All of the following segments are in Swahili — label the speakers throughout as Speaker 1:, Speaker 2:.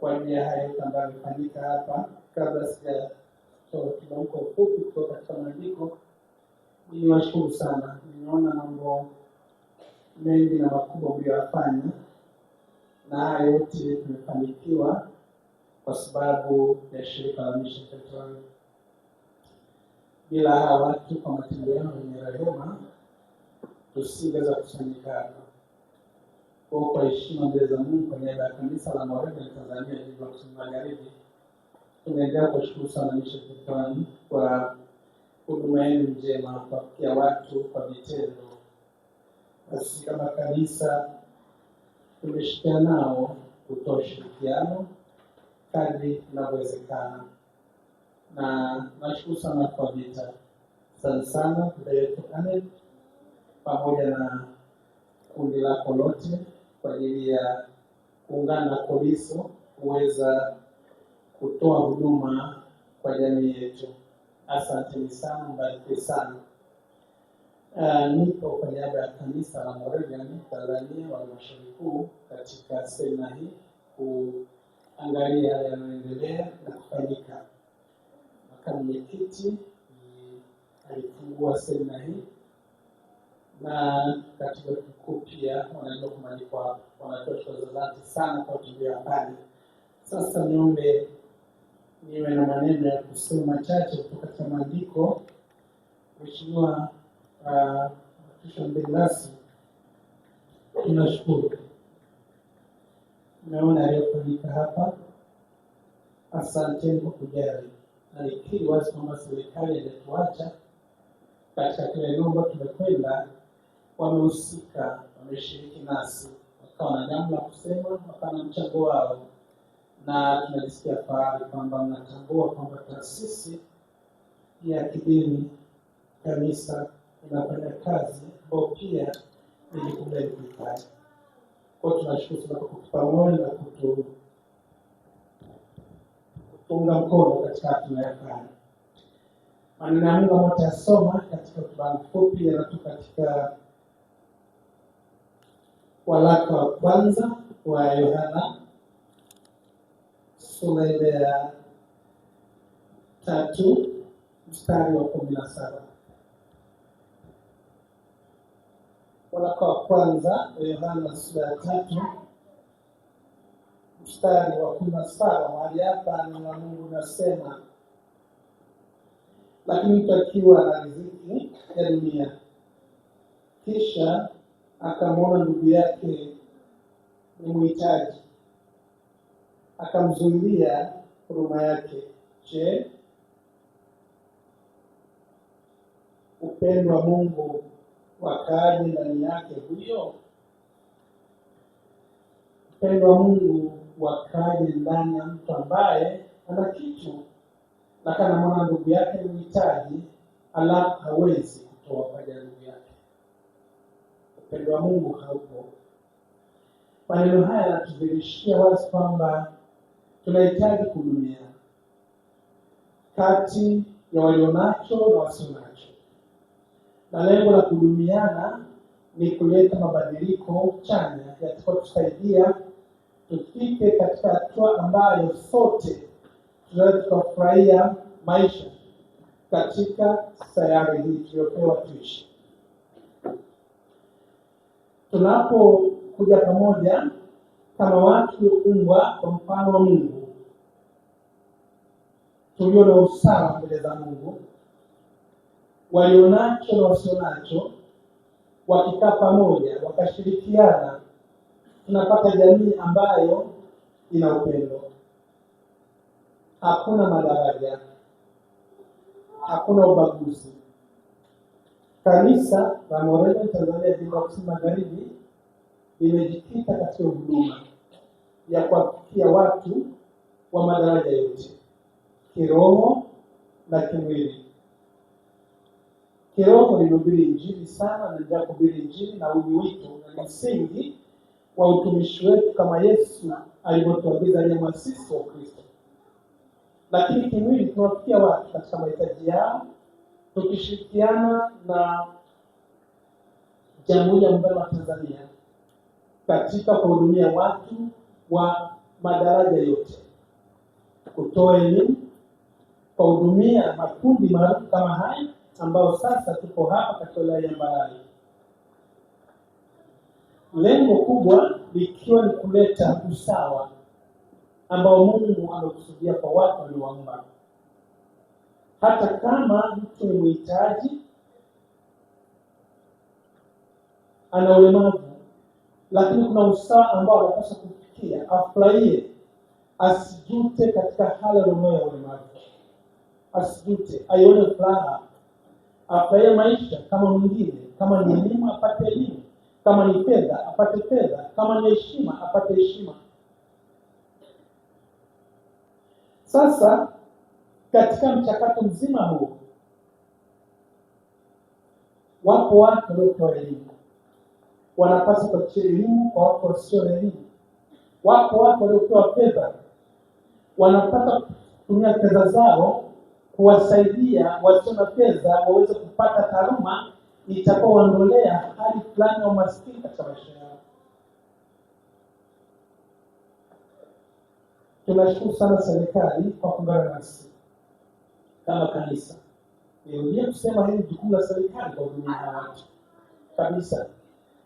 Speaker 1: kwa ajili ya haya yote ambayo yamefanyika hapa. Kabla sijatoa kidogo ufupi kutoka katika maandiko, niwashukuru sana. nimeona mambo mengi na makubwa mliyoyafanya, na haya yote tumefanikiwa kwa sababu ya shirika la Mission Petrol. Bila hawa watu kwa matendo yao yenye rehema tusingeweza kusanyikana kwa kwa heshima mbele za Mungu kwa niaba ya kanisa la Moravian Tanzania jimbo Kusini Magharibi, tunaendelea kuwashukuru sana Bishop Kipany kwa huduma yenu njema kwa watu kwa vitendo. Sisi kama kanisa tumeshikia nao kutoa ushirikiano kadri inavyowezekana, na nashukuru sana kwa vita sana sana, pamoja na kundi lako lote kwa ajili ya kuungana na Koliso kuweza kutoa huduma kwa jamii yetu. Asanteni sana, mbariki sana. Uh, nipo kwa niaba ya kanisa la Moravian Tanzania wa halmashauri kuu katika semina hii kuangalia yale yanayoendelea na kufanyika. Makamu mwenyekiti alifungua semina hii na katibu mkuu pia wanaenda kumalikwa, wanatoa shukrani za dhati sana kwa ya habari. Sasa niombe niwe na maneno ya kusema machache kutoka katika maandiko. Mheshimiwa uh, wakisha mgeni rasmi, tunashukuru naona aliyofanyika hapa. Asanteni kwa kujali. Nalikiri wazi kwamba serikali inatuacha katika kile nyumba tumekwenda wamehusika, wameshiriki nasi, wakawa na jambo la kusema, wakawa na mchango wao, na tunajisikia fahari kwamba mnatambua kwamba taasisi ya kidini kanisa inafanya kazi ambayo pia ni jukumu la kwao. Tunashukuru sana kwa kutupa moyo na kutuunga mkono katika tunayofanya. Maneno ya Mungu ambayo yasoma katika kibao fupi yanatoka katika waraka wa kwanza wa Yohana sura ile ya tatu mstari wa kumi na saba. Waraka wa kwanza wa Yohana sura ya tatu mstari wa kumi na saba mahali hapa neno Mungu nasema, lakini mtu akiwa na riziki ya dunia kisha akamwona ndugu yake ni mhitaji, akamzuilia huruma yake. Je, upendo wa Mungu wakaaje ndani yake huyo? Upendo wa Mungu wakaaje ndani ya mtu ambaye ana kitu lakini anamwona ndugu yake ni mhitaji, alafu hawezi kutoa paja ndugu yake upendo wa Mungu haupo. Maneno haya yanatudhihirishia wazi kwamba tunahitaji kudunia kati ya walio na wasio na lengo la kudumiana ni kuleta mabadiliko chanya yatakayotusaidia tufike katika hatua ambayo sote tunaweza tukafurahia maisha katika sayari hii tuliyopewa tuishi tunapokuja pamoja kama watu umbwa kwa mfano wa Mungu, tulio na usawa mbele za Mungu, walionacho na wasionacho wakikaa pamoja wakashirikiana, tunapata jamii ambayo ina upendo. Hakuna madaraja, hakuna ubaguzi Kanisa la Moreno Tanzania Jimbo Kusini Magharibi limejikita katika huduma ya kuwafikia watu wa madaraja yote, kiroho na kimwili. Kiroho limehubiri Injili sana, na naendelea kuhubiri Injili na huu wito na msingi wa utumishi wetu kama Yesu alivyotuagiza, aliye mwasisi wa Ukristo. Lakini kimwili tunawafikia watu katika mahitaji yao tukishirikiana na Jamhuri ya Muungano wa Tanzania katika kuhudumia watu wa madaraja yote, kutoa elimu, kuhudumia makundi maarufu kama haya ambayo sasa tuko hapa katika wilaya ya Mbarali, lengo kubwa likiwa ni kuleta usawa ambao Mungu amekusudia kwa watu wa hata kama mtu ni mhitaji, ana ulemavu, lakini kuna usawa ambao anapaswa kufikia, afurahie, asijute katika hali alionayo ya ulemavu, asijute, aione furaha, afurahie maisha kama mwingine. Kama ni elimu apate elimu, kama ni fedha apate fedha, kama ni heshima apate heshima. Sasa katika mchakato mzima huo wapo watu waliopewa elimu, wanapaswa kuachia elimu kwa watu wasio na elimu. Wapo watu waliopewa fedha, wanapata kutumia fedha zao kuwasaidia wasio na fedha waweze kupata taaluma itakaoondolea hali fulani ya umaskini katika maisha yao. Tunashukuru sana serikali kwa kuungana nasi kama kanisa. Nirudia kusema hili jukumu la serikali kwa hudumia watu kabisa,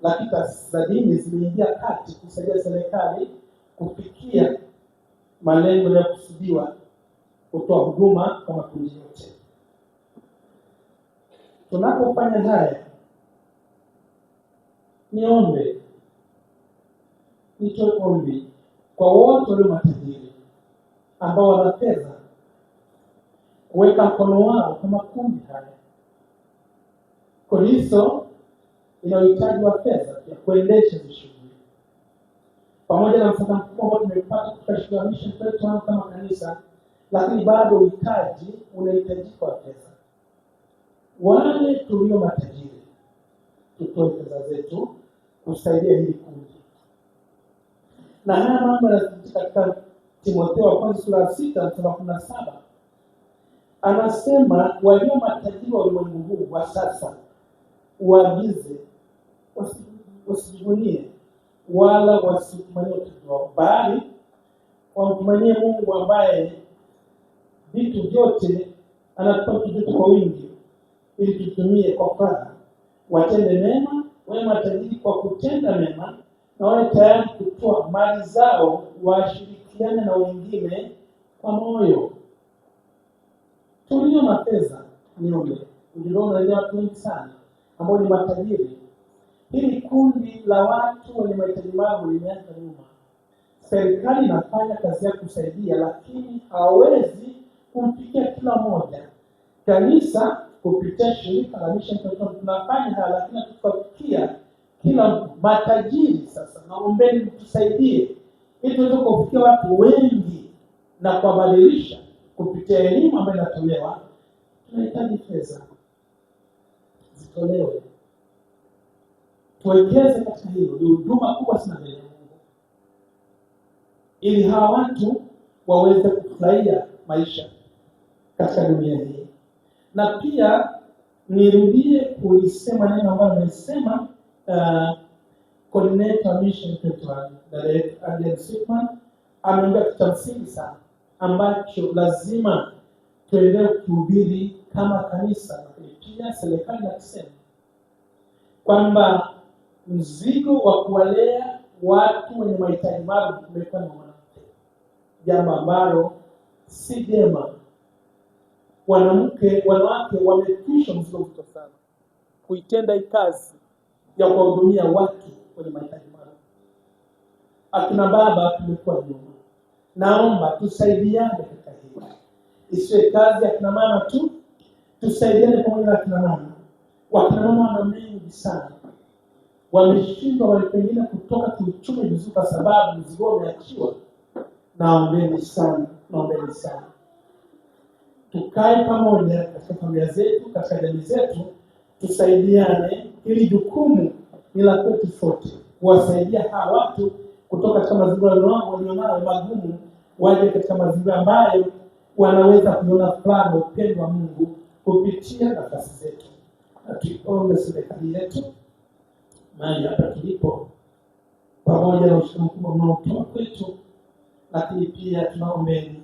Speaker 1: lakini za dini zimeingia kati kusaidia serikali kufikia malengo kusudiwa kutoa huduma kwa makundi yote. Tunapofanya haya, niombe nitoe ombi kwa wote walio matajiri ambao wana fedha kuweka mkono wao kwa makundi haya. Koriso ina uhitaji wa pesa ya kuendesha hizo shughuli, pamoja na msaada mkubwa ambao tumepata katika shule ya Mission Petro kama kanisa, lakini bado uhitaji unahitajika wa pesa. Wale tulio matajiri tutoe pesa zetu kusaidia hili kundi, na haya mambo yanazungumzia katika Timotheo wa kwanza sura ya sita mstari wa kumi na saba anasema walio matajiri wa ulimwengu huu wa sasa waagize wasijivunie wala wasitumanie utajiri wao, bali wamtumanie Mungu ambaye vitu vyote anatupa vitu vyote kwa wingi, ili tutumie kwa furaha. Watende mema, wawe matajiri kwa kutenda mema, na wawe tayari kutoa mali zao, washirikiane na wengine kwa moyo Tulio na fedha niombe. Uliona ile watu wengi sana ambao ni matajiri. Hili kundi la watu wenye mahitaji maalum limeanza nyuma. Serikali inafanya kazi ya kusaidia, lakini hawezi kumpikia kila mmoja. Kanisa kupitia shirika la Mission tunafanya haya, lakini hatukafikia kila matajiri. Sasa naombeni mtusaidie, ili tuweze kufikia watu wengi na kuwabadilisha kupitia elimu ambayo inatolewa, tunahitaji fedha zitolewe, tuwekeze katika hilo. Ni huduma kubwa sana mbele ya Mungu, ili hawa watu waweze kufurahia maisha katika dunia hii. Na pia nirudie kulisema neno ambayo nimesema uh, coordinator mission director Adrian ameongea kitu cha msingi sana ambacho lazima tuendelee kuhubiri kama kanisa, lakini pia serikali na kusema kwamba mzigo wa kuwalea watu wenye mahitaji maalum umekuwa na mwanamke, jambo ambalo si jema. Wanamke, wanawake wametwisha mzigo mzito sana kuitenda hii kazi ya kuwahudumia watu wenye mahitaji maalum. Akina baba tumekuwa nyuma naomba tusaidiane katika hili, isiwe kazi ya kina mama tu, tusaidiane pamoja na kina mama. Wakina mama wana mengi sana, wameshindwa wale pengine kutoka kiuchumi vizuri, kwa sababu mzigo umeachiwa. Naombeni sana, naombeni sana, tukae pamoja katika familia zetu, katika jamii zetu, tusaidiane. Ili jukumu ni la kwetu sote kuwasaidia hawa watu kutoka katika mazingira yao walionayo magumu waje katika mazingira ambayo wanaweza kuiona fulani upendo wa Mungu kupitia nafasi zetu, na tuiombe serikali yetu mahali hapa tulipo, pamoja na ushirika mkubwa mnaotoa kwetu, lakini pia tunaombeni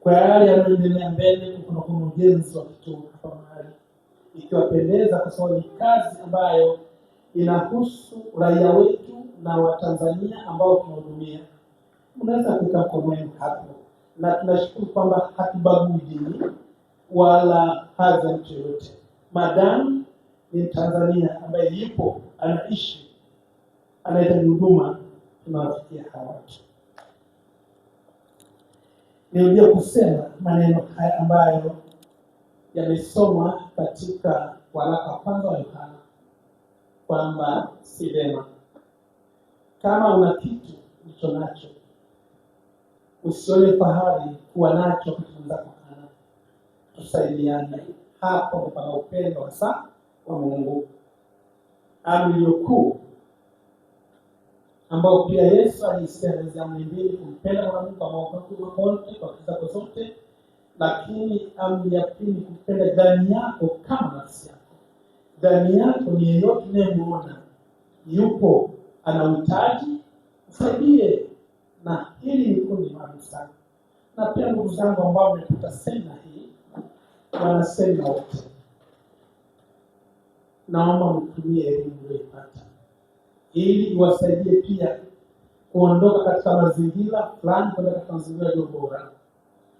Speaker 1: kwa yale yanayoendelea mbele. Kuna ujenzi wa kituo hapa mahali, ikiwapendeza, kwa sababu ni kazi ambayo inahusu raia wetu na Watanzania ambao tunahudumia unaweza kuweka comment hapo, na tunashukuru kwamba hatubagui dini wala hadhi ya mtu yoyote, madamu ni Mtanzania ambaye yupo anaishi, anahitaji huduma, tunawafikia hawa watu. Nirudia kusema maneno haya ambayo yamesoma katika waraka wa kwanza wa Yohana kwamba si vema kama una kitu ulicho nacho Usione fahari kuwa nacho kitu mwenzako Tusaidiane, hapo pana upendo hasa wa Mungu. Amri kuu ambao pia Yesu alisisitiza, amri mbili: kumpenda Mungu kwa moyo wako wote, kwa akili zote, lakini amri ya pili ni kumpenda jirani yako kama nafsi yako. Jirani yako ni yeyote unayemwona yupo ana uhitaji, usaidie na hili ni kundi maalum sana. Na pia ndugu zangu ambao wamepata semina hii, wanasemina wote, naomba mtumie elimu mlioipata ili iwasaidie pia kuondoka katika mazingira fulani kwenda katika mazingira yaliyo bora.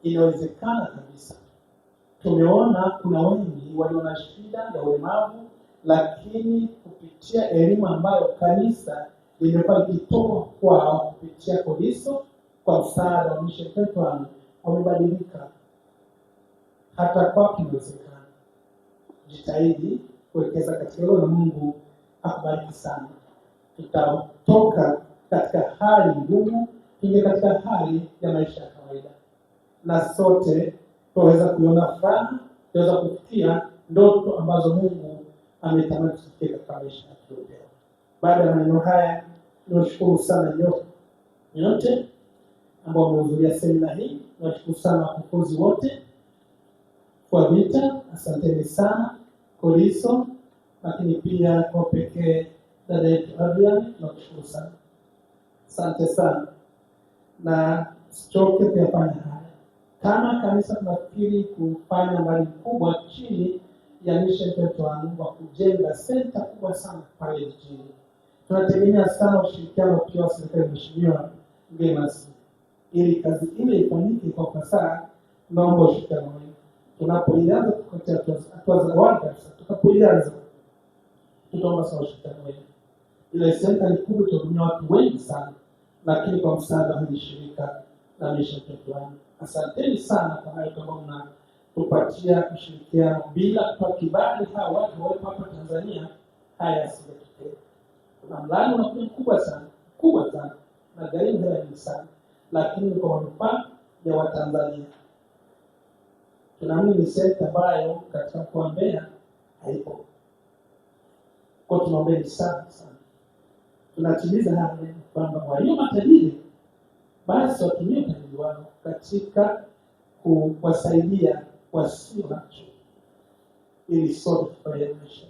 Speaker 1: Inawezekana kabisa. Tumeona kuna wengi walio na shida ya ulemavu, lakini kupitia elimu ambayo kanisa limekuwa likitoka kwao kupitia Kodiso kwa msaada wa Misheni Petro amebadilika hata kwa inawezekana. Jitahidi kuwekeza katika hilo na Mungu akubariki sana. Tutatoka katika hali ngumu tuingia katika hali ya maisha ya kawaida, na sote tunaweza kuiona furaha, tunaweza kufikia ndoto ambazo Mungu ametamani tufikie katika maisha ya kiroho. Baada ya maneno haya, niwashukuru sana nyote nyote ambao wamehudhuria semina hii. Niwashukuru sana wakufunzi wote kwa vita, asanteni sana Koriso, lakini pia kwa pekee dada yetu Abia, nakushukuru sana, asante sana na sichoke kuyafanya haya. Kama kanisa tunafikiri kufanya mali kubwa chini ya mission yetu wa kujenga senta kubwa sana pale jijini tunategemea sana ushirikiano kutoka serikali, Mheshimiwa mgeni rasmi, ili kazi ile ifanyike kwa ufasaha. Tunaomba ushirikiano wenu tunapoianza kukatia hatua za awali kabisa, tunapoianza tutaomba sana ushirikiano wenu. Ile senta ni kubwa, itahudumia watu wengi sana, lakini kwa msaada wa hili shirika na mishirika fulani. Asanteni sana kwa hayo ambayo mnatupatia ushirikiano. Bila kutoa kibali, hawa watu wawepo hapa Tanzania haya na mlaani unakuja mkubwa sana kubwa sana na gharimu hela nyingi sana, lakini kwa manufaa ya Watanzania. Tunaamini ni sekta ambayo katika mkoa wa Mbeya haipo kwa, tunaombeni sana sana, tunatimiza haya kwamba walio matajiri basi watumie utajiri wao katika kuwasaidia wasio nacho ili sote tufurahie maisha.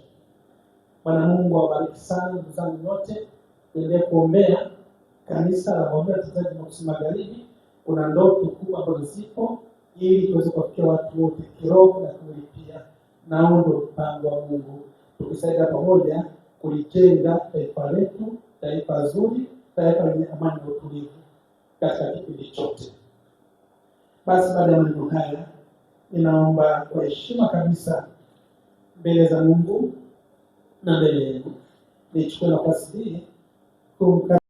Speaker 1: Bwana Mungu awabariki sana ndugu zangu wote, endelee kuombea kanisa la Waombea Watazaji Makusudi Magharibi. Kuna ndoto kubwa ambazo zipo ili tuweze kuwafikia watu wote kiroho na kimwili pia, na huo ndio mpango wa Mungu, tukisaidia pamoja kulijenga taifa letu, taifa zuri, taifa lenye amani na utulivu katika kipindi chote. Basi baada ya maneno haya, ninaomba kwa heshima kabisa mbele za Mungu నన్ను నేను తెచ్చుకున్న పరిస్థితి